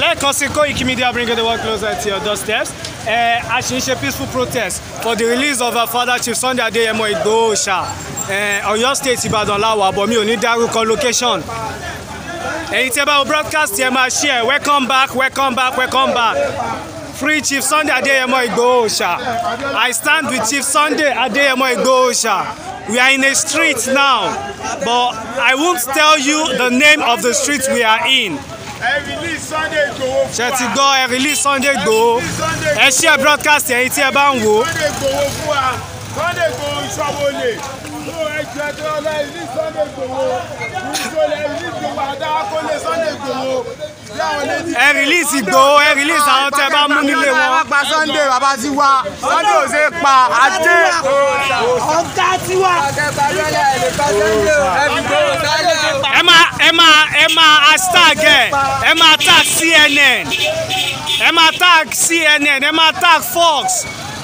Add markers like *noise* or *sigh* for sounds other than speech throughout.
Let sí Koiki Media bringing the world closer to your doorsteps a ṣì ń ṣe peaceful protest for the release of our father Chief Sunday Adeyemo Igboho Oòṣà Ọ̀yọ́ state Ìbàdàn láwà àbọ̀ mi ò ní dárúkọ location ẹ̀yin tẹ́ bá broadcast yẹn máa share welcome back welcome back welcome back free Chief Sunday Adeyemo Igboho I stand with Chief Sunday Adeyemo Igboho we are in a street now, but I won't tell you the name of the street we are in ṣe ti gbọ́ ẹ release Sunday Igboho ẹ ṣe broadcast ẹ̀yin tí ẹ bá ń wò. Sunday Igboho ìṣòwò lè mú ẹjọ́ ẹjọ́ ọlọ́ọ̀ release Sunday Igboho ìṣòwò lè release Sunday ẹ release Ìgbòho ẹ release àwọn tẹ bá mú nílé wọn. wọ́n pa Sunday bàbá ti wá Sunday ò ṣe pa ajé. ọ̀gá ti wá. ẹ máa ẹ máa ẹ máa hashtag ẹ ẹ máa tag CNN ẹ máa tag CNN ẹ máa tag Fox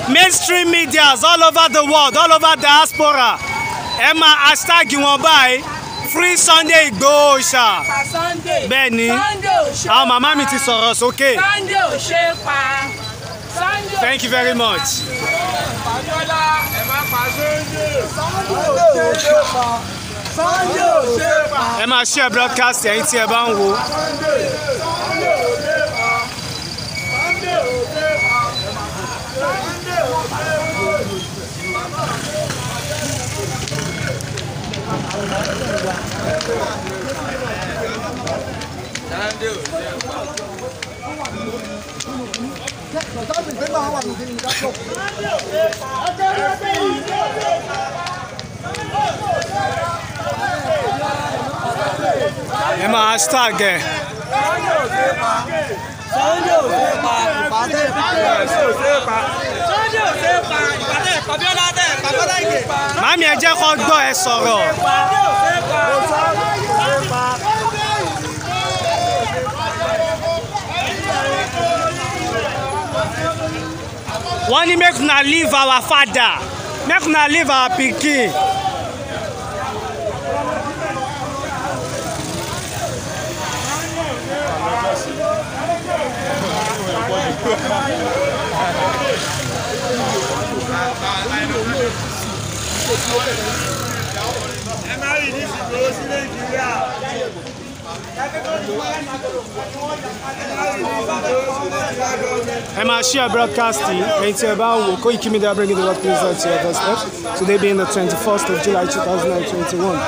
mainstream medias all over the world all over diaspora ẹ máa hashtag wọn báyìí free Sunday Igboho ṣá bẹ́ẹ̀ ni àwọn màmá mi ti sọ̀rọ̀ sókè. Sunday ò ṣe pa. Thank you very much. Fabiola ẹ máa pa Sunday. Sunday ò ṣe pa. Sunday ò ṣe Ẹ broadcast ẹ̀yin tí ẹ bá ń wo. Sunday. ẹ máa hashtag ẹ. E. sanni ò ṣe pa sanni ò ṣe pa ìpàdé ìpàdé sanni ò ṣe pa ìpàdé ìpàbíọ́lá tẹ̀ ìpàbíọ́lá ìgbè. màmí ẹ jẹ́ kó gbọ́ ẹ sọ̀rọ̀. sanni ò ṣe pa sanni ò ṣe pa. wọ́n ní make una leave our father make una leave our pikin. Thank you. ẹ máa share broadcast yìí ẹ̀yin tí ẹ bringing the world closer to your doorstep today being the twenty first of July two thousand and twenty one.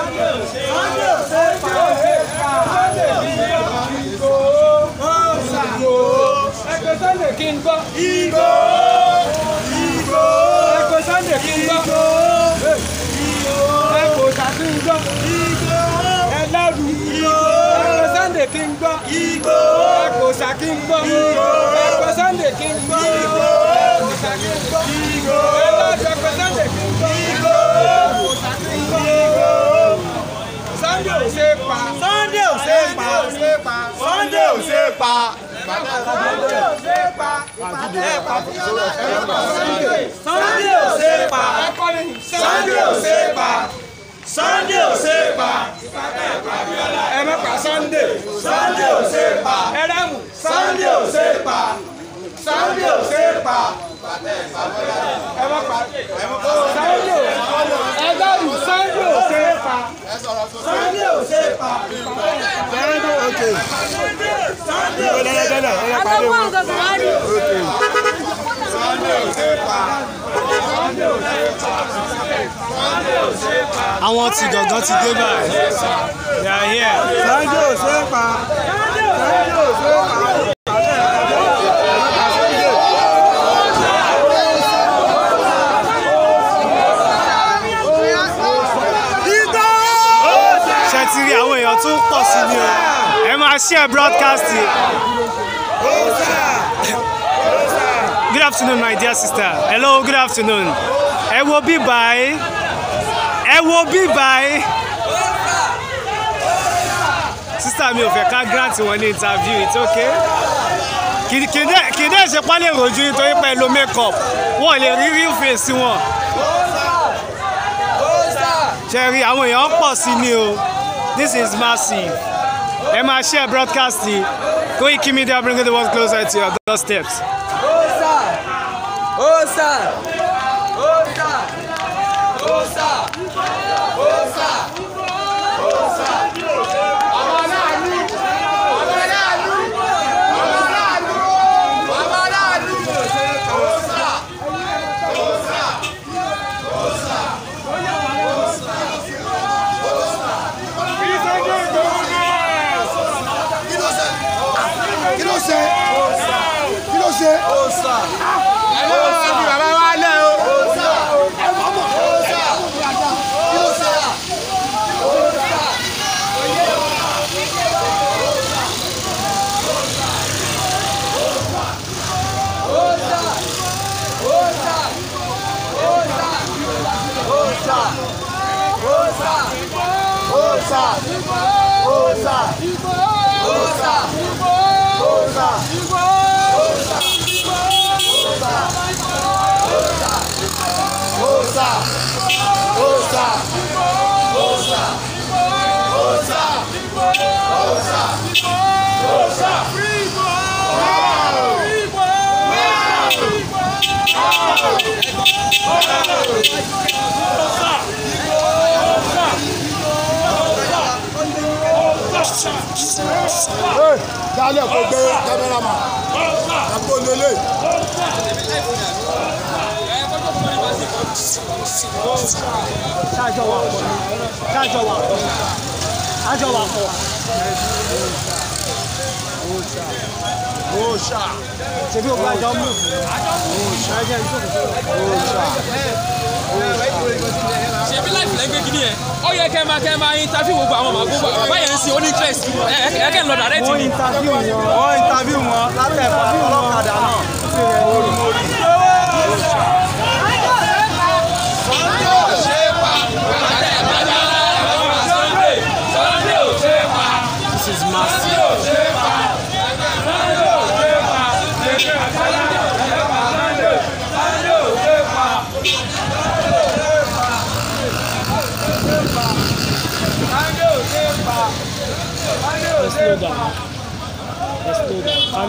Ìgbò ẹ̀kọ́sà kí n gbọ́ Ìgbò ẹ̀kọ́ Sunday kí n gbọ́ Ìgbò ẹ̀kọ́sà kí n gbọ́ Ìgbò ẹ̀lọ́jọ́ ẹ̀kọ́ Sunday kí n gbọ́ Ìgbò ẹ̀kọ́sà kí n gbọ́ Ìgbò Sunday ò ṣe pa Sunday ò ṣe pa Sunday ò ṣe pa Sunday ò ṣe pa Sunday ò ṣe pa Sunday ò ṣe pa Sunday ò ṣe pa. Sunday ò ṣe é pa. ẹrẹ́mù. ò ṣe é pa. Sunday ò ṣe é pa. ẹ má pa Sunday ẹ gbẹ́rù Sunday ò ṣe é pa. Sunday ò ṣe é pa. Sunday ò ṣe é pa. Sunday ò ṣe é pa àwọn ti gàngán ti dé báyìí they are here. Sunday ò ṣe ti rí àwọn èèyàn tó ń pọ̀ sí ni ẹ máa ṣe broadcasting good afternoon my dear sister hello good afternoon I will be by. I will be by. sister mi ò fẹ́ ká grant wọn ní interview it's okay kì í dẹ́ ṣe pálẹ̀ ìròjú nítorí pé lo make up wọn lè rí real face wọn ṣẹ̀rí àwọn èèyàn pọ̀ sí ni o this is massive ẹ máa share broadcast Koiki Media bringing the world closer to your doorsteps. Ouça! dálẹ̀ kó gbé kámẹ́rámà àpò lélẹ̀. ṣáàjọ wà pọ̀ ṣáàjọ wà pọ̀ ṣáàjọ wà pọ̀. Oṣà. Ṣé bí o gba àjọ mú? Oṣà. Oṣà ṣèbí láì fìlẹ́ gbé gidi yẹn ó yẹ kẹ́ máa kẹ́ máa interview gbogbo àwọn màgbó bàbá yẹn ń sin ó ní interest ẹ kẹ́ ń lọ direct ni. wọ́n interview wọn látẹ̀kọ́ ọlọ́kadà náà.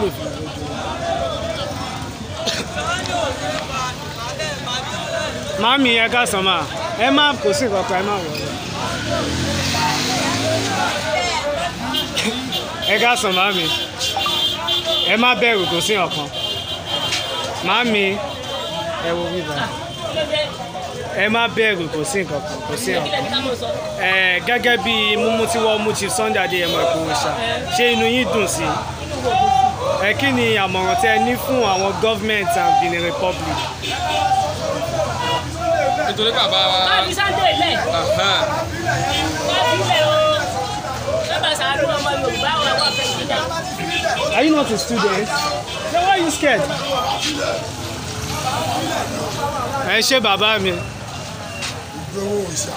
maami fi ìwé jẹ. màámi ẹ ká sàn máa ẹ má kò sí ìkọ̀kọ̀ ẹ má wọ̀ ọ́. ẹ ká sàn màámi ẹ má bẹ̀rù kò sí ọ̀kan màámi ẹ wo bíbá tí wọ́n Sunday Adéyẹmọ Ìgbòho ṣá ṣé inú yín dùn sí ẹ kí ni àmọ̀ràn tí ní fún àwọn government and Benin Republic. nítorí bàbá wa. káàdì sunday lẹ. káàdì lẹ o bàbá sàánú ọmọ Yorùbá wa wà fẹ́ sí náà. Are you not a student? Then why are you scared? ẹ ṣe bàbá mi. ìgbówó ìṣà.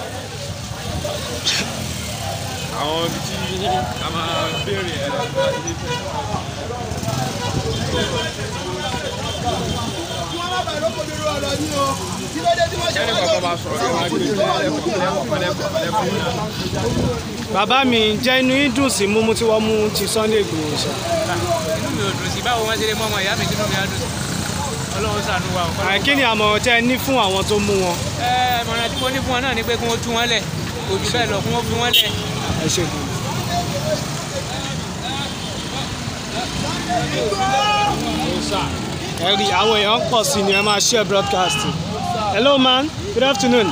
àwọn ibi tí a máa béèrè ẹ̀ bàbá mi jẹ́ inú yín dùn sí mímú tí wọ́n mú ti Sunday Igboho ṣá. inú mi ò dùn sí báwo wọ́n ṣe lè mọ ọmọ ìyá mi tí inú kí ni àmọ̀ràn tẹ́ ẹ ní fún àwọn tó mú wọn. ẹ tí mo ní fún wọn náà ni pé kí wọ́n tú wọn lẹ̀ kò jù bẹ́ẹ̀ lọ kí wọ́n fi wọn lẹ̀. ẹ ṣe kù. ẹ rí àwọn èèyàn pọ̀ sí ni ẹ máa share broadcast. hello man. Good afternoon.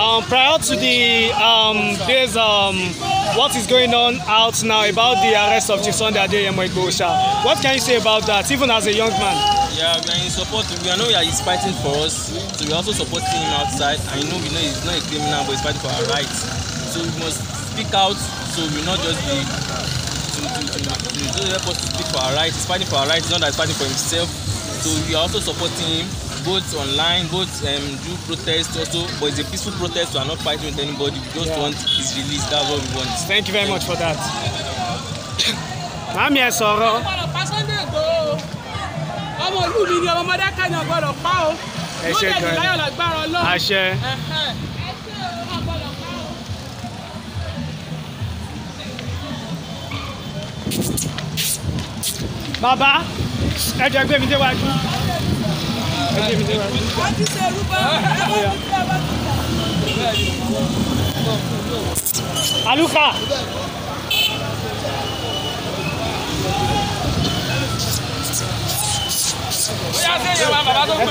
Um, prior to the um, there's um, what is going on out now about the arrest of Chief Sunday Adeyemo Igbosha. What can you say about that, even as a young man? Yeah, we are in support. We know he is fighting for us, so we are also supporting him outside. I know we know he's not a criminal, but he's fighting for our rights. So we must speak out, so we'll not just be to, to, to, to help us to speak for our rights. He's fighting for our rights, not that he's fighting for himself. So we are also supporting him both online both um, do protest also but it's a peaceful protest we are not fighting with anybody we just yeah. want his release that's what we want. thank you very much for that. *coughs* màámi ẹ sọ̀rọ̀. ọmọ ìlú mi ni ọmọdé kẹ́ni ọgbọ́dọ̀ pa o. ẹ ṣe gan àṣẹ. bàbá ẹ jẹ́ gbé mi déwájú wọ́n aluka. bóyá ṣé èèyàn wa bàbá tó ni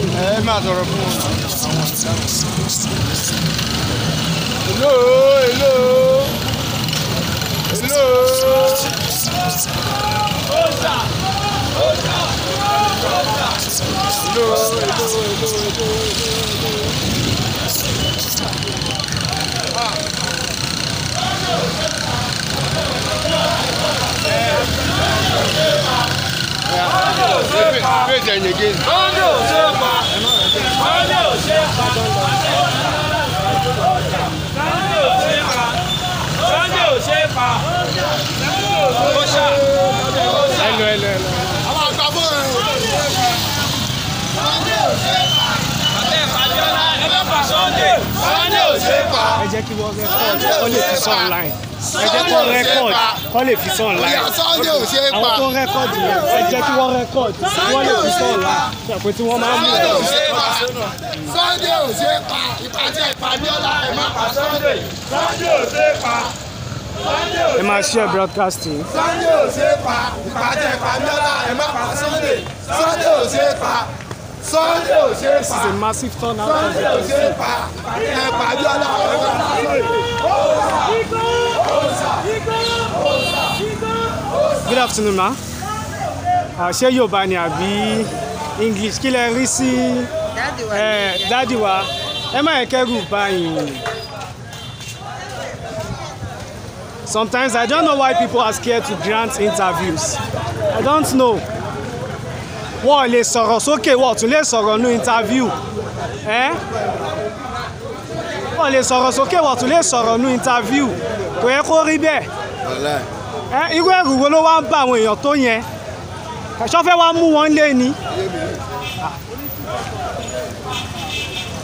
wọ́n ti ń hello hello hello ọjà ọjà ọjà hello hello hello hello. Yeah. Wait, wait, again. Oh, no, ẹ kí wọ́n rẹ́kọ̀dì kọ́ lè fi sọ online àwọn tó rẹ́kọ̀dì yẹn ẹ kí wọ́n rẹ́kọ̀dì kí lè fi sọ online ṣàpètí wọ́n máa ń mú ẹ̀ Sunday ò ṣe pa ìpàdé ìpàdéọlá ẹ má pa Sunday Sunday ò ṣe pa ẹ máa share broadcasting. Sunday ò ṣe pa ìpàdé ìpàdéọlá ẹ má pa Sunday Sunday ò ṣe pa Sunday ò ṣe pa this is a massive turnout Sunday ò ṣe pa ìpàdé ìpàdéọlá ẹ má pa Sunday. good afternoon ma ṣé Yorùbá ni àbí English kí lẹ rí sí dáàdì eh, wa ẹ má yẹ kẹ́rù báyìí. Sometimes I don't know why people are scared to grant interviews. I don't know. Wọ́n lè sọ̀rọ̀ sókè wọ́n tún lè sọ̀rọ̀ nú interview. Eh? Wọ́n lè sọ̀rọ̀ sókè wọ́n tún lè sọ̀rọ̀ nú interview. Kò yẹ kó rí bẹ́ẹ̀. Eh, irú ẹ̀rù wo ló wá ń bá àwọn èèyàn tó yẹn? Ẹ̀ṣọ́ fẹ́ wá mú wọn lé ni.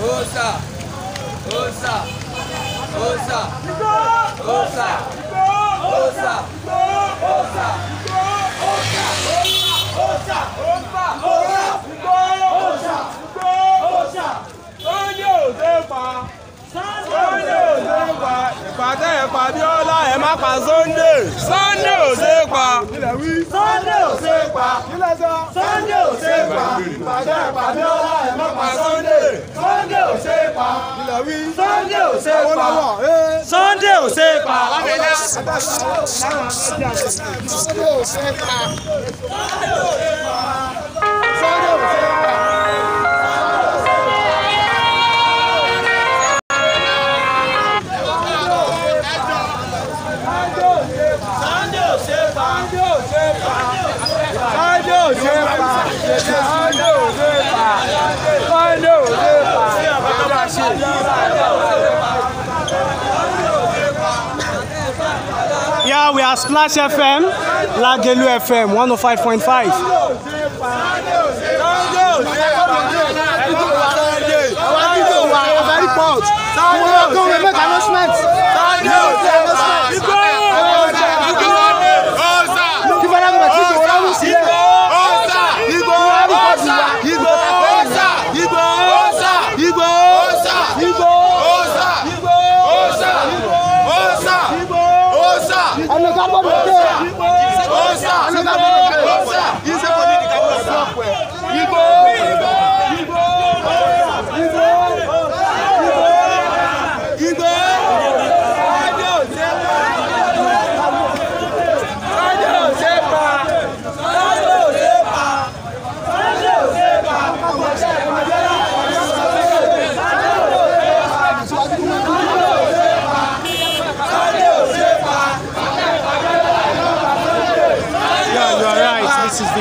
Osa! Osa! Osa! Osa! Osa! Osa! Osa! Osa! Osa! Osa! Osa! tẹ́ ẹ̀ pa Abíọ́lá ẹ̀ má pa Sunday Sunday ò ṣe é pa. Sunday ò ṣe é pa. Sunday ò ṣe é pa. ìgbà tẹ́ ẹ̀ pa Abíọ́lá ẹ̀ má pa Sunday Sunday ò ṣe é pa. Sunday ò ṣe é pa. Eh. Sunday ò ṣe é pa. Sunday ò ṣe é pa. via Splash FM, Lagelu FM 105.5. Come and make announcements.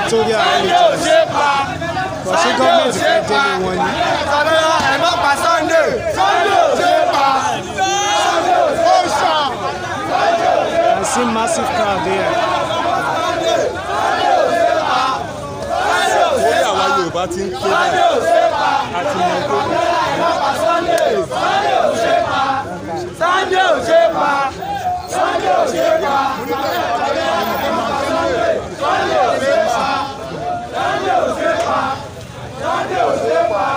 Victoria heritage kò sí gọ́ọ̀mẹ̀ntì fẹ́ délé wọn ni. ẹ má pa Sunday Sunday ò ṣe pa Sunday ò ṣà. I see massive crowd there. Yorùbá ti ń ké báyìí àti mọ̀ tó. Sunday ò ṣe pa Sunday ò ṣe pa Sunday ò ṣe pa. Josefa, Josefa.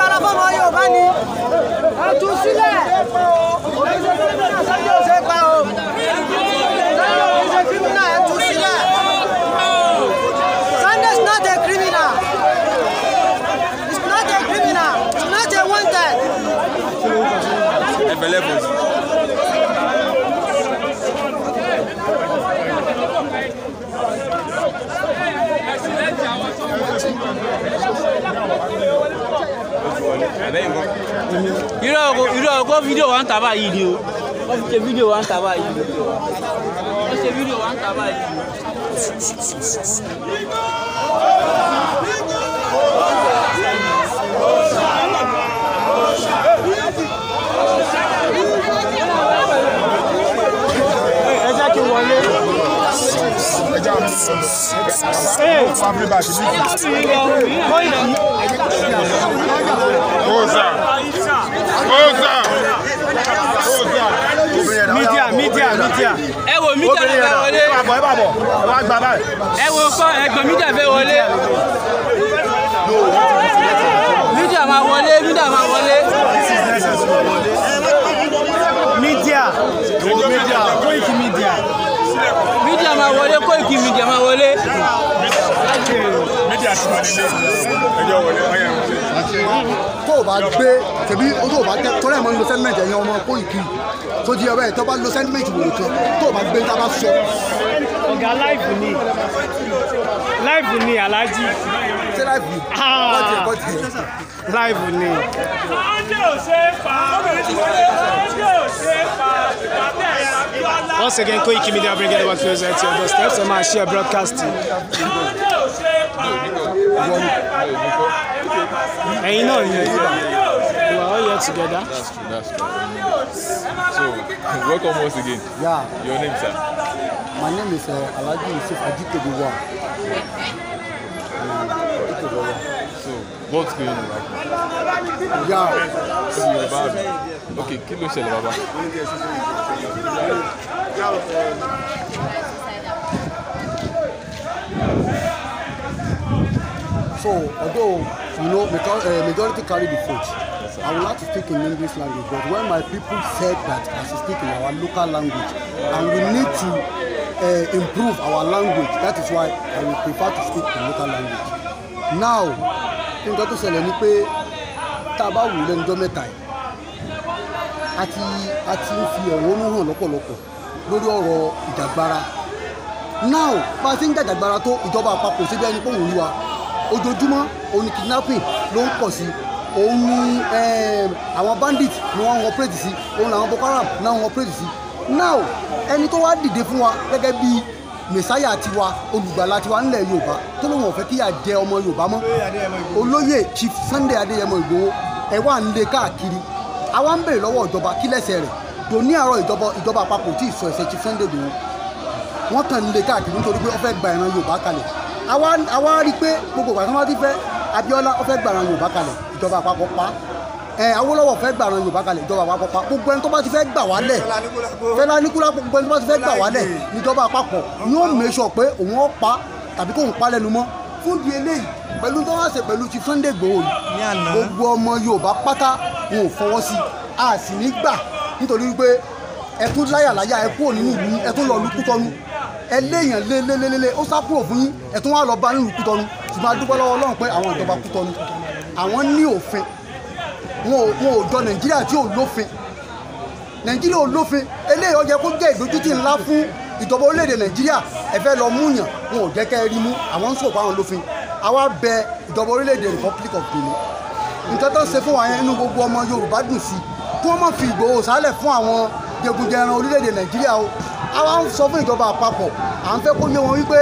agbára fọmọ Yorùbá not a criminal it's not a criminal it's not a wanted. ẹ bẹ̀lẹ̀ irọ́ ọkọ irọ́ ọkọ fídíò wa ń ta báyìí ni o wọ́n fi ṣe fídíò wa ń ta báyìí ni o wọ́n ṣe fídíò wa ń ta báyìí ni o. Oza. Oza. Mídíà mídíà mídíà. Ẹ wo mídíà fẹ́ wọlé. Ẹ wo kọ́ ẹ̀gbọ́n mídíà fẹ́ wọlé. ìjẹ máa wọlé. méjì àti ìmọ̀lélé ẹjọ́ wọlé ọyẹ wọlé. tó o bá gbé tẹ̀bí tó o bá tẹ tọ́lá ẹ̀ máa ń lo sentiment ẹ̀yìn ọmọ kó ìkì tó di ọbẹ̀ tó bá lo sentiment wòlò kan tó o bá gbé tá a bá sọ. ọ̀gá láìfù ni láìfù ni aláàjì. ṣé láìfù ni? Ah live ni. ọjọ́ ò ṣe once again Koiki Media bring it over to us at your doorstep so my share broadcasting. And you know, é fà we are all here together. that's true that's true so *laughs* welcome once again. Yeah. your name sir. my name is uh, Alhaji Yusuf Ajikebiwa. Um, bọ́ọ̀lù kí ló ń wá kù. yà ó sí yorùbá mi ok kí ló so although you know because, uh, majority carry the vote i would like to speak in english language but when my people said that i should speak in our local language and we need to uh, improve our language that is why i will prefer to speak in local language now nǹkan tó ṣẹlẹ̀ ni pé tá a bá wù lẹ́nu mẹ́ta yìí a ti a ti ń fi ẹ̀hónú hàn lọ́pọ̀lọpọ̀ lórí ọ̀rọ̀ ìjàgbara now bá a ti ń jàjàgbara tó ìjọba àpapọ̀ síbi ẹni pé òun ojoojúmọ́ òun kidnapping ló ń pọ̀ sí òun ni ehm, àwọn bandit ni wọ́n ń operate sí òun làwọn Boko Haram náà ń operate sí now ẹni tó wá dìde fún wa gẹ́gẹ́ bíi mẹsáyà tiwa olùgbàlà tiwa ńlẹ̀ yorùbá tó lóun ọ̀fẹ́ kíyà jẹ ọmọ yorùbá mọ́ olóyè chief sunday adéyẹmọ ìgbòho ẹ wà ń lé káàkiri àwa ń béèrè lọ́wọ́ ìjọba kí lẹ́sẹ̀ rẹ̀ tó ní àárọ̀ ìjọba ìjọba àpapọ̀ tí ì sọ ẹ̀sẹ̀ chief sunday ìgbòho wọ́n kàn ń lé káàkiri nítorí pé ó fẹ́ gba ìran yorùbá kalẹ̀ àwa rí i pé gbogbo ìgbà tí wọ́n ti fẹ́ abiola ó fẹ́ gba ìran yorùbá kalẹ̀ ìjọba àpapọ̀ pa á ẹ Awólọ́wọ̀ fẹ́ gbà ran Yorùbá kalẹ̀ ìjọba àpapọ̀ pa gbogbo ẹni tó bá ti fẹ́ gbà wá lẹ̀ Fẹlá Aníkúlápó gbogbo ẹni tó bá ti fẹ́ gbà wá lẹ̀ ìjọba àpapọ̀ yóò mẹ́sọ̀ pé òun ó pa tàbí kóun pa lẹ́nu mọ́ fún di eléyìí pẹ̀lú tó wá ṣe pẹ̀lú ti Sunday Igboho yìí gbogbo ọmọ Yorùbá pátá wọn ò fọwọ́ sí a sì ní gbà nítorí wípé ẹ tún láyàláyà ẹ kúrò nínú ìlú ẹ tún lọ lù Kútọ́nù ẹ léèyàn lélelélele ó sá kúrò fún yín ẹ tún wá lọ bá nínú Kútọ́nù ṣùgbọ́n a lọ́wọ́ Ọlọ́run pé àwọn ìjọba Kútọ́nù àwọn ní òfin wọn ò jọ nàìjíríà tí ò lófin nàìjíríà ò lófin eléyìí ó yẹ kó jẹ́ ìdójútì ńlá fún ìjọba orílẹ̀-èdè nàìjíríà ẹ fẹ́ lọ mú yàn wọn ò jẹ́ kẹ́ ẹ rí mú àwọn ń sòkò àwọn lófin àwa bẹ ìjọba orílẹ̀-èdè republic of benin nǹkan tó ń ṣe fún wa yẹn inú gbogbo ọmọ yorùbá dùn sí kí wọ́n má fi ìgbòho sálẹ̀ fún àwọn jẹgúnjẹran orílẹ̀-èdè nàìjíríà o àwa ń sọ fún ìjọba àpapọ̀ à ń fẹ́ kó yé wọn wípé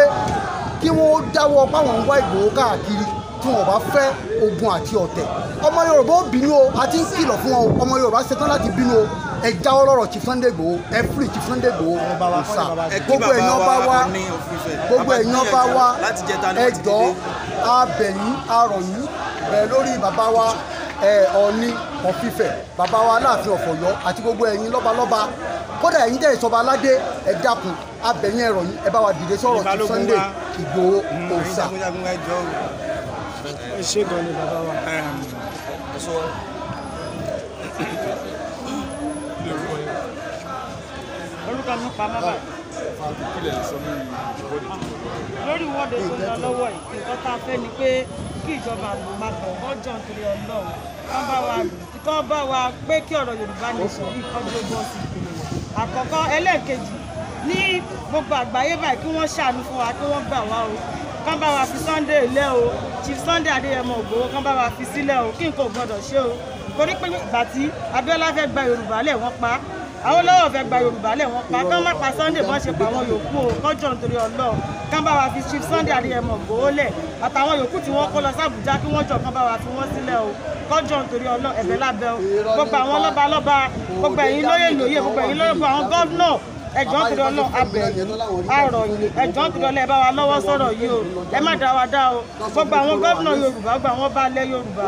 kí wọ́n dáwọ́ páwọn ń wá ìgbòho káàkiri tí wọn ò bá fẹ́ ogun àti ọ̀tẹ̀ ọmọ yorùbá ó bínú o àti ń kìlọ̀ fún wọn ọmọ yorùbá ṣetán láti bínú o ẹ jáwọ́ lọ́rọ̀ Chief Sunday Igboho ẹ fúri Chief Sunday Igboho ọ̀sà gbogbo ẹ̀yàn bá wá gbogbo ẹ̀yàn bá wá ẹ jọ abẹ̀yìn arọ̀yìn bẹ̀ lórí bàbá wa ọ̀ọ́ni ọ̀fífẹ̀ bàbá wa aláàfin ọ̀fọ̀yọ́ àti gbogbo ẹ̀yin lọ́balọ́ba kódà ẹ̀yin jẹ́ ìsọba aládé ẹ dákun abẹ̀yìn ẹ̀rọ̀yìn ẹ bá wa dìde sọ̀rọ̀ Chief Sunday Igboho ọ̀sà ẹ ṣe gan ni bàbá wa. orúkọ mi pa má báyìí. lórí ìwọ́de tó lọ lọ́wọ́ yìí nǹkan tá a fẹ́ ni pé kí ìjọba lò máa bọ̀ ọjọ́ nítorí ọlọ́run wọ́n bá wa kọ́ bá wa pé kí ọ̀rọ̀ yorùbá nation yìí kọ́ gbogbo ọ̀sìn ìpínlẹ̀ àkọ́kọ́ ẹlẹ́ẹ̀kejì ní gbogbo àgbáyé báyìí kí wọ́n ṣàánú fún wa kí wọ́n gbà wá o kán bá wa fi Sunday lé o Chief Sunday Adéyẹmọ Ògbówó kán bá wa fi sílẹ̀ o kí nǹkan ò gbọdọ̀ ṣe o torí pé ìgbà tí Abíọ́lá fẹ́ gba Yorùbá lẹ̀ wọ́n pa Awólọ́wọ̀ fẹ́ gba Yorùbá lẹ̀ wọ́n pa kán má pa Sunday bọ́n ṣe pa àwọn yòókù o kọ́jọ́ nítorí Ọlọ́run kán bá wa fi Chief Sunday Adéyẹmọ Ògbówó lẹ̀ àtàwọn yòókù tí wọ́n kó lọ sábùjá kí wọ́n jọ kán bá wa fi wọ́n sílẹ̀ o kọjọ nítorí ọlọ ẹ̀bẹ̀ lábẹ́ o gbogbo àwọn lọ́balọ́ba gbogbo ẹ̀yin lóyè lóyè gbogbo ẹ̀yin lóyè gbogbo àwọn gọ́vnọ̀ ẹjọ́ ń kúrò náà abẹ àròyìn ẹjọ́ ń kúrò náà ẹ bá wa lọ́wọ́ sọ̀rọ̀ yìí o ẹ má dá wa dá o gbogbo àwọn gómìnà Yorùbá gbà wọ́n bá lẹ̀ Yorùbá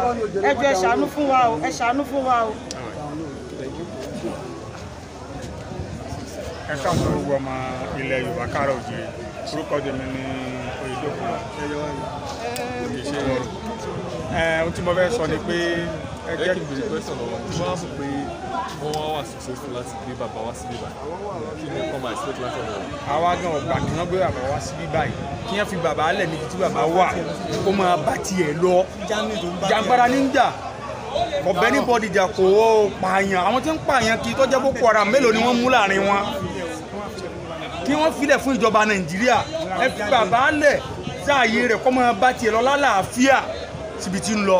ẹjọ́ ẹ ṣàánú fún wa o ẹ ṣàánú fún wa o. ẹ káàtó gbogbo ọmọ ilẹ̀ Yorùbá káàrọ̀ òjìrì orúkọ tèmi ni Oyèdèpọ̀ òjìṣẹ́ ẹ ohun tí mo fẹ́ sọ ni pé ẹ jẹ́ kí n bèrè pẹ́sàn lọ́wọ́ wọ́n wá wà successful láti gbé bàbá wá sí bíbá kí ni ẹ̀kọ́ máa expect láti ọ̀dọ̀ rẹ̀. àwa gan ọgbà kí wọ́n gbé bàbá wá sí bíbá yìí kí wọ́n fi bàbá lẹ̀ níbi tí bàbá wà kó máa bá tiẹ̀ lọ jàǹgbara níjà ọ̀bẹ ní bọ́dì jà kó o pààyàn àwọn tí ń pààyàn kí tọ́jẹ́ boko haram mélòó ni wọ́n mú láàrin wọn kí wọ́n filẹ̀ fún ìjọba nàìjíríà ẹ fi bàbá lẹ̀ sáàyè rẹ̀ kó máa bá tiẹ̀ lọ lálàáfíà síbi tí ń lọ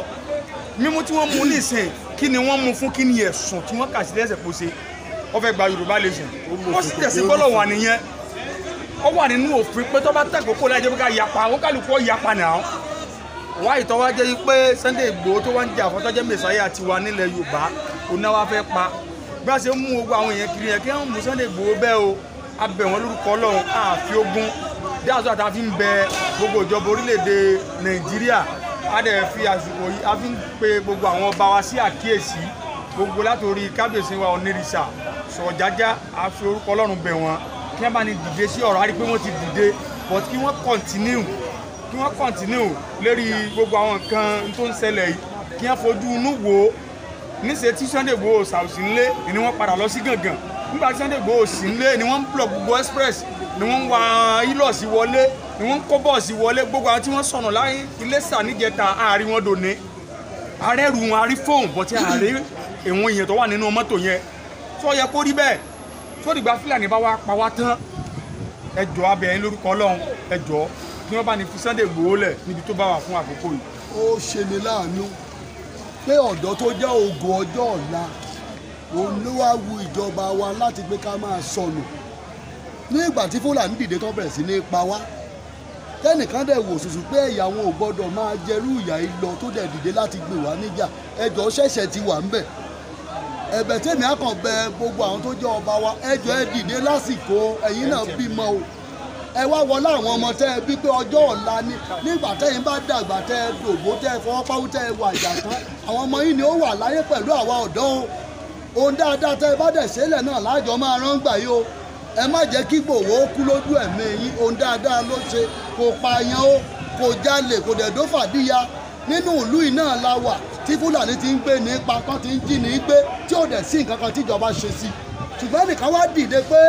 mímú tí wọ́n mú nísìnyí kí ni wọ́n mú fún kí ni ẹ̀sùn tí wọ́n kà sí lẹ́sẹ̀ pọ̀ ṣe wọ́n fẹ́ gba yorùbá lè sùn wọ́n sì tẹ̀sí bọ́lọ̀ wà nìyẹn ó wà nínú òfin pé tó bá tàkókò láì jẹ́ pé ká yapa ó kálukú yapa nà án wá ìtọ́ wá jẹ́ pé Sunday Igboho tó wá ń jà fọ́tọ́ jẹ́ mẹ̀sáyà tiwa nílẹ̀ yorùbá òun náà wá fẹ́ pa bí a ṣe ń mú gbogbo àwọn èèyàn kiri yẹn kí wọ́n mú Sunday Igboho bẹ́ẹ̀ o a bẹ̀ wọ́n lórúkọ ọlọ́run àfi ogun dáàzọ́ àtàfi ń bẹ gbogbo ìjọba orílẹ̀-èdè nàìjíríà a dẹ̀ fi àsìkò yìí a fi ń pe gbogbo àwọn ọba wa sí àkíyèsí gbogbo látòrí kábíyèsí wa onírìṣà sọ̀jájá a fi orúkọ ọlọ́run bẹ̀ wọ́n kí wọ́n bá ní dìde sí ọ̀rọ̀ a rí pé wọ́n ti dìde but kí wọ́n continue kí wọ́n continue lérí gbogbo àwọn nǹkan tó ń ṣẹlẹ̀ yìí kí wọ́n fojú inú wò ó níṣẹ́ tí Sunday Igboho ṣàwùsí ńlé ni wọ́n padà lọ sí gàngàn nígbà tí Sunday Igboho sì ń lé ni wọ́n ń block gbogbo express ni wọ́n ń wa ilọ̀sì wọlé ni wọ́n ń kó bọ́ọ̀sì wọlé gbogbo àwọn tí wọ́n sọnù láyé Iléṣà níjẹta àárín wọn dòní arẹ́rù wọn arí fóun bọ́tí àárín èwọn èèyàn tó wà nínú mọ́tò yẹn tó yẹ kó rí bẹ́ẹ̀ tó dìgbà Fúlàní bá wá pa wá tán ẹjọ́ abẹ́yẹn lórúkọ Ọlọ́run ẹjọ́ kí wọ́n bá ní fi Sunday Igboho lẹ̀ níbi tó bá wà fún àkókò yìí. ó ṣe ni láàánú pé ọ̀dọ́ tó jẹ́ ògo ọjọ́ ọ̀la òun ló wá wu ìjọba wa láti pé ká máa sọnù ní ìgbà tí fúlàní dìde tó bẹ̀rẹ̀ sí ní pa wá tẹnìkan dẹ̀ wò sùsù pé ẹ̀yà wọn ò gbọ́dọ̀ máa jẹrú ìyà ìlọ tó dẹ̀ dìde láti gbè wá níjà ẹjọ́ ṣẹ̀ṣẹ̀ ti wà ńbẹ̀ ẹ̀bẹ̀ tèmi á kàn bẹ gbogbo àwọn tó jẹ́ ọba wa ẹjọ́ ẹ dìde lásìkò ẹ̀yin náà bímọ o ẹ wá wọlé àwọn ọmọ tẹ́ ẹ bí pé ọjọ́ ọ̀la ni nígbà tẹ́yin bá dàgbà tẹ́ ẹ dògbò tẹ́ ẹ fọwọ́páwú tẹ́ ẹ wà ìjà tán àwọn ọmọ yìí ni ó wà láyé pẹ̀lú àwa ọ̀dọ́ o ohun dáadáa tẹ́ ẹ bá dẹ̀ ṣẹlẹ̀ náà láàjọ máa rán gbà yìí o ẹ má jẹ́ kí gbòòwò kú lójú ẹ̀mí yín ohun dáadáa ló ṣe kò pààyàn o kò jalè kò dẹ̀ dó fàdíya nínú ìlú yìí náà la wà tí fúlàní ti ń gbé ní ipa kan ti ń jí ní gbé tí ò dẹ̀ sí nǹkan kan tíjọba ṣe sí ṣùgbọ́n nìkan wá dìde pé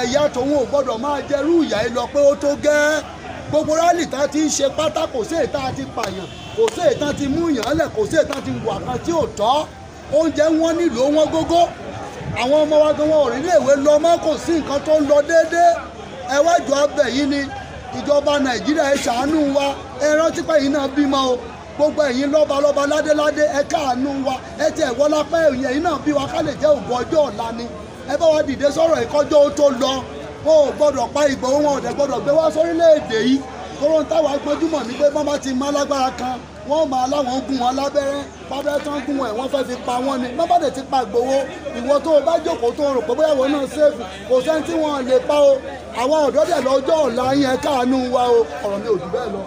ẹ̀yà tòun ò gbọ́dọ̀ máa jẹrú ìyà yìí lọ pé ó tó gẹ́ẹ́ gbogbo rálì tá ti ń ṣe pátá kò sí èyí tá ti pààyàn kò sí èyí tá ti mú ìyànlẹ̀ kò sí èyí tá ti wà kan tí ò tọ́ oúnjẹ wọn nílùú wọn gógó àwọn ọmọ wa gan wọn ò rí iléèwé lọ mọ́ kò sí nǹkan tó ń lọ déédéé ẹ wá ni ìjọba nàìjíríà ẹ ṣàánú wa ẹ rántí pé yìí náà bímọ o gbogbo ẹ̀yin lọ́balọ́ba ládéládé ẹ wa ẹ tiẹ̀ wọlá pé náà bí wa ká lè jẹ́ ògùn ọ̀la ni ẹ bá wa dìde sọ̀rọ̀ ìkọjọ́ ó tó lọ ò pa wọ́n máa láwọn gun, wọn lábẹ́rẹ́ pábẹ́rẹ́ tó ń gún wọn ẹ̀ wọ́n fẹ́ fi pa wọ́n ni mọ́bàdàn ti pa gbowó ìwọ tó o bá jókòó tó o rò pé bóyá ìwọ náà ṣèfù kò sẹ́ni tí wọ́n lè pa o àwọn ọ̀dọ́ dẹ̀ lọ́jọ́ ọ̀la yẹn káàánú wa o ọ̀rọ̀ mi ò jù bẹ́ẹ̀ lọ.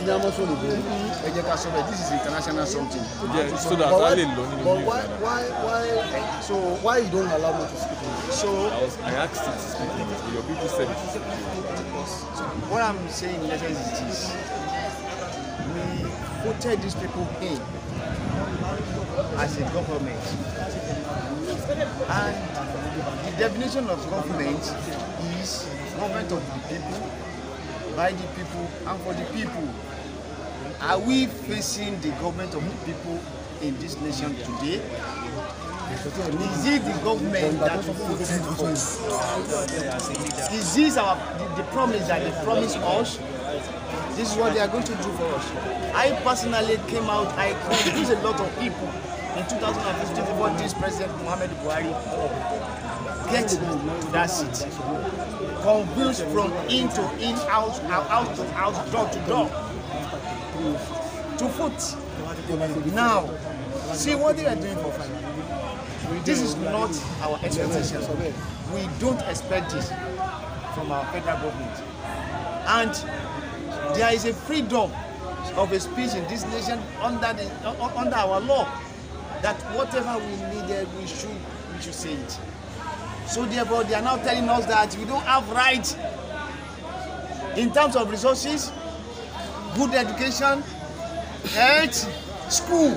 ti ní amọ́sọ̀ òdòdó mhm. ẹ jẹ́ ká sọ bẹ́ẹ̀ this is international something. so that a lè lọ nínú mi. why why why so why you don't allow me to speak English. so I, was, I asked you to speak English your people said it. So, what I'm saying in essence is this we voted these people in as a government and the definition of government is government of the people by the people and for the people. Are we facing the government of the people in this nation today? Is it the government that we voted for? Is this our the, the promise that they promised us? This is what they are going to do for us. I personally came out, I confused a lot of people in 2015 about this President Muhammad Buhari get to that seat convulsed from in to in, out, out, out to out, door to door, to foot. Now, see what they are doing for five. This is not our expectation. We don't expect this from our federal government. And there is a freedom of a speech in this nation under the under our law that whatever we needed, we should we should say it. So therefore, they are now telling us that we don't have rights in terms of resources, good education, health, school,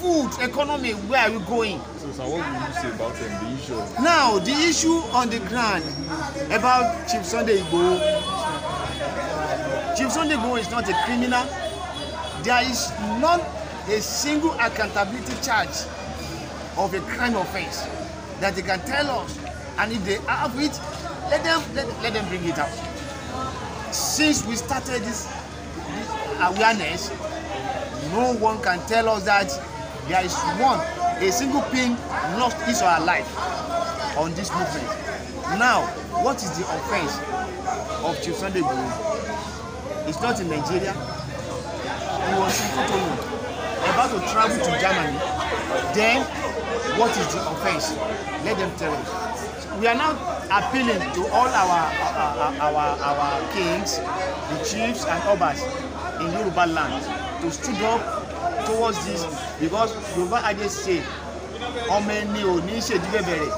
food, economy. Where are we going? So, sir, what will you say about um, the issue? Now, the issue on the ground about Chief Sunday Igbo, Chief Sunday Igbo is not a criminal. There is not a single accountability charge of a crime offense that they can tell us And if they have it, let them let, let them bring it out. Since we started this, this awareness, no one can tell us that there is one, a single pin lost his or her life on this movement. Now, what is the offense of Chief Sunday It's not in Nigeria. He was in Cotonou, about to travel to Germany. Then, what is the offense? Let them tell us we are now appealing to all our our our, our kings the chiefs and obas in Yoruba land to stood up towards this because Yoruba adage say ọmọ ẹni ò ní í ṣèdúgbò bẹ̀rẹ̀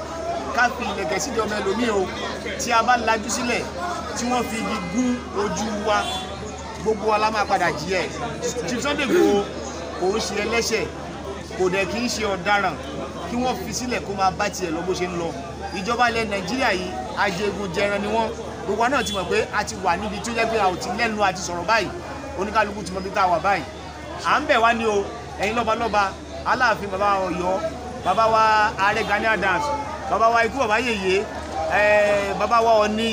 ká ilẹ̀kẹ̀ sídìí ọmọ ẹlòmíì o tí a bá lajú sílẹ̀ tí wọ́n fi igi gún ojú wa gbogbo wa la máa padà jí ẹ̀ Chief Sunday Igboho kò ń ṣe ẹlẹ́ṣẹ̀ kò dẹ̀ kì í ṣe ọ̀daràn kí wọ́n fi sílẹ̀ kó máa bá tiẹ̀ lọ bó ṣe ń lọ ìjọba ilẹ̀ nàìjíríà yìí ajégunjẹran ni wọ́n gbogbo náà ti mọ̀ pé a ti wà níbi tó jẹ́ pé a ò ti lẹ́nu àti sọ̀rọ̀ báyìí oníkálukú ti mọ bí tá a wà báyìí à ń bẹ̀ wá ní o ẹ̀yin lọ́balọ́ba aláàfin bàbá ọ̀yọ́ bàbá wa ààrẹ Gani Adams bàbá wa ikú bàbá yèyé bàbá wa ọ̀ni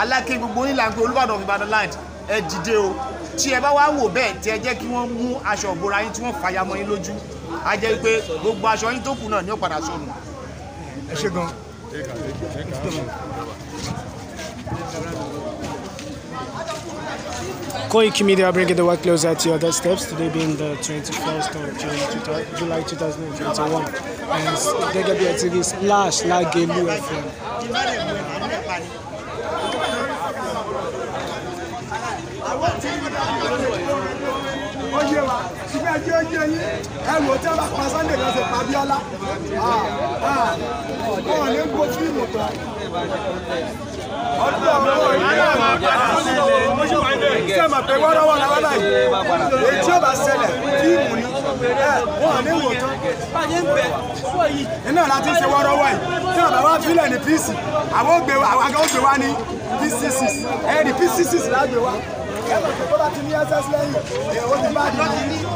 aláké gbogbo onílànà olùbàdàn of Ìbàdàn land ẹ dìde o tí ẹ bá wá wò bẹ́ẹ̀ tí ẹ jẹ́ kí wọ́n mú aṣọ ìbora yín tí wọ́n fàyàmọ́ yín lójú a jẹ́ pé gbogbo aṣọ yín tó kù náà ni ó padà sọnù. ẹ ṣe gan-an Koikimi, they are bringing the work closer to your doorsteps, today being the 21st of July 2021. And they get their TV slash Lagelu FM. ẹjẹ ẹjẹ yín ẹrù ọtí ẹ bá pa Sunday kan ṣe pa Abíọ́lá ah, ah, wọn ní gbó fíìmù tán. ọdún ọ̀rọ̀ ìlú ọ̀rọ̀ ìlú ṣe máa pè wọ́n lọ́wọ́ làwọn báyìí èyí tí ó bá ṣẹlẹ̀ fíìmù ni wọn ní wò tán. báyìí ń bẹ fún èyí. iná láti ṣe wọ́rọ́wọ́ yìí tí ọ̀bà wa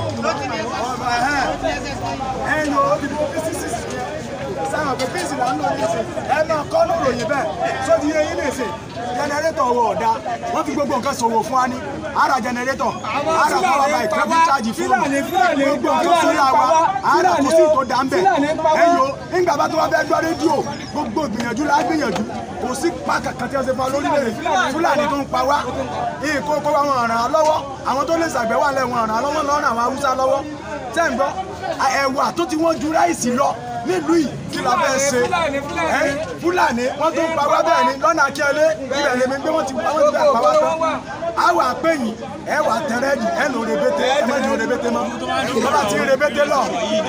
Hello, people sáwọn pé pèsè là ń lò nísìn ẹ máa kọ́ lóròyìn bẹ́ẹ̀ tó ti yé yín nísìn jẹnẹrétọ̀ owó ọ̀dà wọ́n fi gbogbo nǹkan ṣòwò fún wa ní ara jẹnẹrétọ̀ ara fún wa báyìí kẹ́bí chájì fún gbogbo nǹkan sórí àwa ara kò sí tó dá ń bẹ̀ ẹ̀yọ́ nígbà bá tó wá fẹ́ gbọ́ rédíò gbogbo gbìyànjú la gbìyànjú kò sí pàkà kan tí wọ́n ṣe fa lórílẹ̀ fúlàní tó ń pa wá ìkókó wa wọn ràn án lọ́wọ́ àwọn tó lè ṣàgbẹ́wà lẹ̀ wọn ràn án lọ́wọ́ lọ́rùn àwọn haúsá lọ́wọ́ tẹ́ ń gbọ́ ẹ̀wà tó ti wọ́n ju ráìsì lọ nílùú yìí kí la fẹ́ ṣe fúlàní wọ́n tó ń pa wá bẹ́ẹ̀ ni lọ́nà akíọ́lé ibẹ̀ lèmi gbé wọ́n ti wọ́n ti bẹ̀ pa wá tán á wà pé yìí ẹ wà tẹ̀rẹ́ jù ẹ lò rebete ẹ má jù rebete mọ́ lọ́nà tí rebete lọ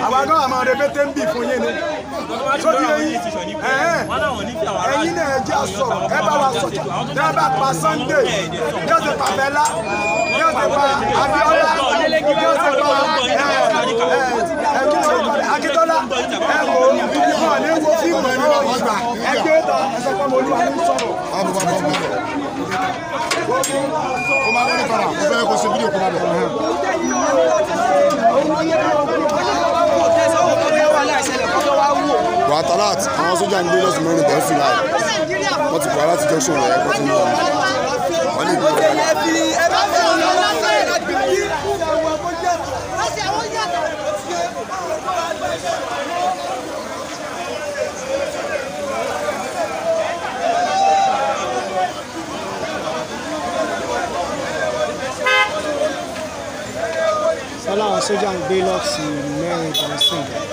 àwa náà àmọ́ rebete ń bì fún yín ni tó di eyín ẹ̀yin náà ẹ jẹ́ sọ̀rọ̀ ẹ bá wa sọ̀tọ̀ ẹ bá pa Sunday jẹ́sẹ̀ pa Bẹ́lá jẹ́sẹ̀ pa Abíọ́lá jẹ́sẹ̀ pa Akíntọ́lá ẹ wò ó ìmọ̀ ní wo fíìmù náà ìgbà ẹ gbé ẹsẹ̀ pọ̀ mọ́ olúwa ní sọ̀rọ̀. Kọ́má lórí fara, ó fẹ́ kó ṣe fídíò kọ́má bẹ̀. Rattalat àwọn sójà ń gbé lọ́sùn mẹ́rin bẹ́ẹ̀ fi láì wọ́n ti Kwara ti junction rẹ̀ ẹ̀kọ́ tó ń lọ wọ́n lè gbé wọ́n láwọn sójà ń gbé lọ́ọ̀tì mẹ́rin bẹ́ẹ̀ sí ìgbà.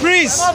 Please. Má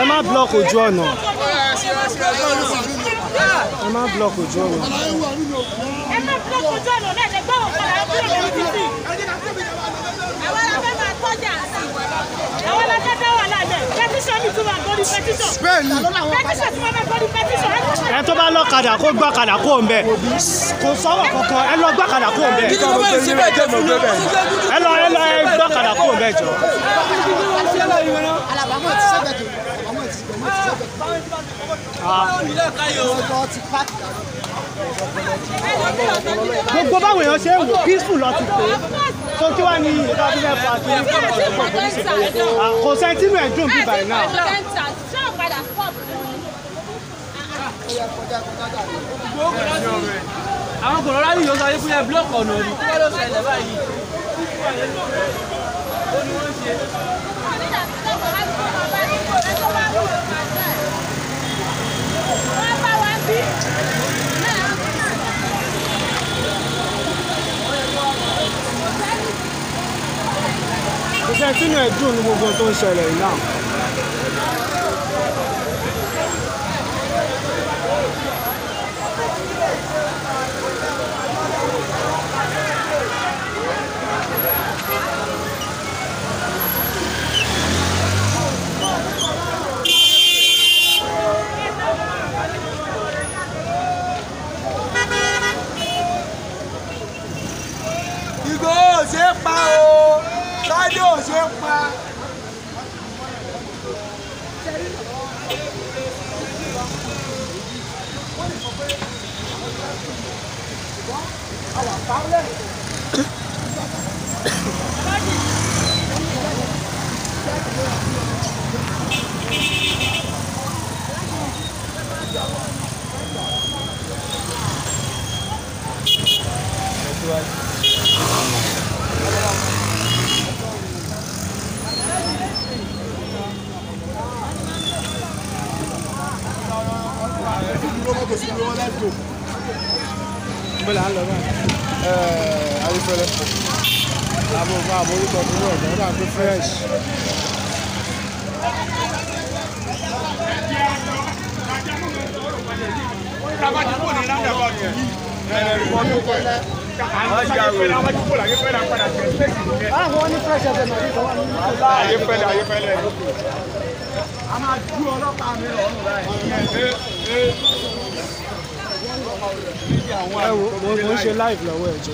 ẹ má block ojú ọ̀nà ẹ má block ojú ọ̀nà. ẹ má block ojú ọ̀nà náà ẹgbẹ́ òkúta kúrò lórí títì àwọn ọlọ́fẹ́ máa tọ́jà àwọn ọlọ́fẹ́ pẹtíṣọ ní tí wọn gbórí pẹtíṣọ. bẹ́ẹ̀ni pẹtíṣọ tí wọn bẹ gbórí pẹtíṣọ. ẹ tó bá lọ kàdà kó gbà kàdà kó ń bẹ kò sọwọ kankan ẹ lọ gbà kàdà kó ń bẹ. kí ló bẹ sí bẹ́ẹ̀ jẹ fún mi. ẹ lọ ẹ lọ ẹ gbà kàdà kó ń bẹ jọ. alábàámọ̀ ah. ti sẹ́gbẹ̀ẹ́ tó àmọ́ ti sẹ́gbẹ̀ẹ́ tó gbogbo báwo èèyàn ṣe ń wò peaceful lọ ti pè é so kí wàá ní ìyẹn tàbí mẹ́fà àti ní ah, kò sẹ́ńtì rẹ̀ dùn bí by now. Ah, ah. àwọn kò rọra yíyọ sáré fúnyẹ búlọ́ọ̀kì ọ̀nà òní kí wọ́n lọ ṣẹlẹ̀ báyìí ó ní wọ́n ṣe. wọ́n bá wa bí. ṣe tínú ẹ̀ dùn ní gbogbo tó ń ṣẹlẹ̀ yìí náà. ò ṣe pa. Àwọn àpá kò Àwọn ọlọ́pàá mi lọ́rùn báyìí ẹ wo mo ń ṣe live lọ́wọ́ ẹ̀ jọ.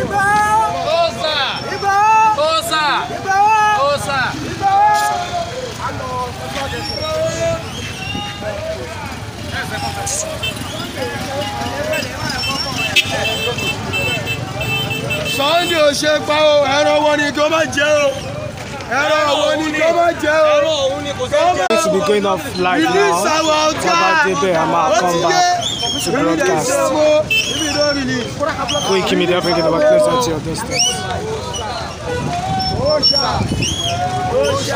Ibà! Osa! Sunday ò ṣe pa o ẹ̀rọ wọn ni kó má jẹ́ o ẹ̀rọ wọn ni kó má jẹ́ o kó má jẹ́ o. we be going off live now baba debe ama come back to broadcast Koiki Media Africa about closer to your doorstep.